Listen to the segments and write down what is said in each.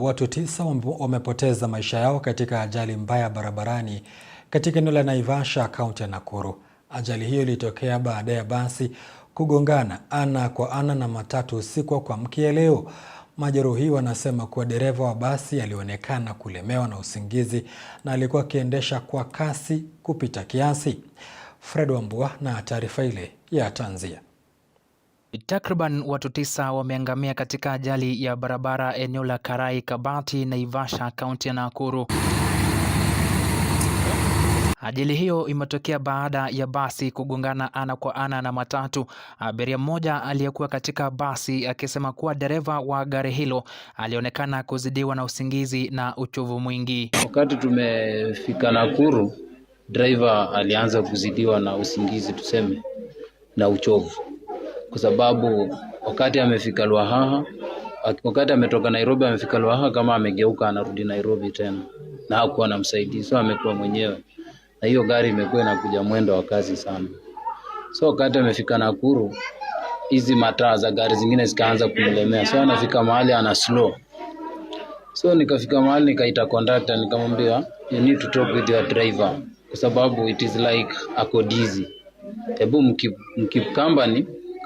Watu tisa wamepoteza maisha yao katika ajali mbaya barabarani katika eneo la Naivasha, kaunti ya Nakuru. Ajali hiyo ilitokea baada ya basi kugongana ana kwa ana na matatu usiku wa kuamkia leo. Majeruhi wanasema kuwa dereva wa basi alionekana kulemewa na usingizi na alikuwa akiendesha kwa kasi kupita kiasi. Fred Wambua na taarifa ile ya tanzia. Takriban watu tisa wameangamia katika ajali ya barabara eneo la Karai, Kabati, Naivasha, kaunti ya Nakuru. Ajali hiyo imetokea baada ya basi kugongana ana kwa ana na matatu. Abiria mmoja aliyekuwa katika basi akisema kuwa dereva wa gari hilo alionekana kuzidiwa na usingizi na uchovu mwingi. Wakati tumefika Nakuru, driver alianza kuzidiwa na usingizi tuseme, na uchovu kwa sababu wakati amefika Lwahaha, wakati ametoka Nairobi amefika Lwahaha, kama amegeuka anarudi Nairobi tena, na hakuwa na msaidizi, so amekuwa mwenyewe, na hiyo gari imekuwa inakuja mwendo wa kasi sana. So wakati amefika Nakuru, hizi mataa za gari zingine zikaanza kumlemea, so anafika mahali ana slow. So nikafika mahali nikaita conductor, nikamwambia you need to talk with your driver kwa sababu it is like ako dizzy. Hebu mkip, mkip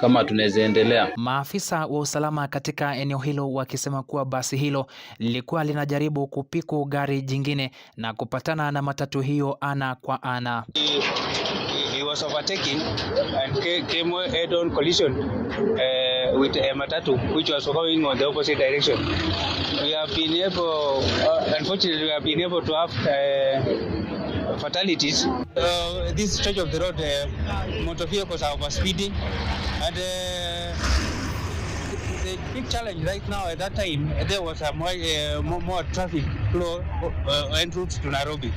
kama tunaweza endelea. Maafisa wa usalama katika eneo hilo wakisema kuwa basi hilo lilikuwa linajaribu kupiku gari jingine na kupatana na matatu hiyo ana kwa ana. He was and came head on collision uh, with a matatu which was going on the opposite direction. We have been able, uh, unfortunately we have been able to have uh, fatalities. Uh, this stretch of the road, uh, eh, motor vehicles are overspeeding and uh, the big challenge right now at that time, there was a more, uh, more, more traffic flow uh, eh, en route to Nairobi.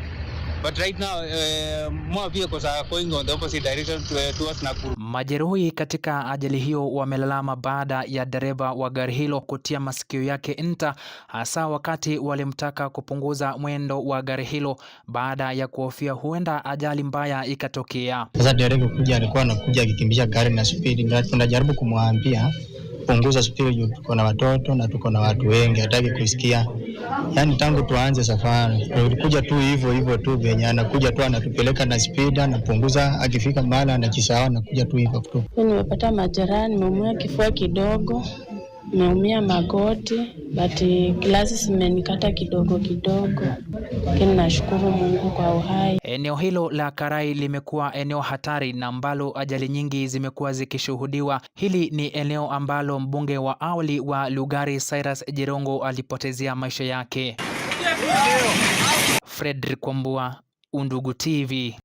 But right now, uh, more vehicles are going on the opposite direction eh, towards Nakuru. Majeruhi katika ajali hiyo wamelalama baada ya dereva wa gari hilo kutia masikio yake nta, hasa wakati walimtaka kupunguza mwendo wa gari hilo baada ya kuhofia huenda ajali mbaya ikatokea. Sasa dereva kuja alikuwa anakuja akikimbisha gari na spidi, tunajaribu kumwambia kupunguza spidi juu tuko na watoto na tuko na watu wengi, hataki kusikia. Yani tangu tuanze safari ulikuja tu hivyo hivyo tu, venye anakuja tu anatupeleka na spidi, anapunguza, akifika mahala anajisahau, anakuja tu hivyo tu. Nimepata majeraha, nimeumia kifua kidogo Naumia magoti but glasi zimenikata kidogo kidogo, lakini nashukuru Mungu kwa uhai. Eneo hilo la Karai limekuwa eneo hatari na ambalo ajali nyingi zimekuwa zikishuhudiwa. Hili ni eneo ambalo mbunge wa awali wa Lugari Cyrus Jirongo alipotezea maisha yake. Fredrick Kwambua, Undugu TV.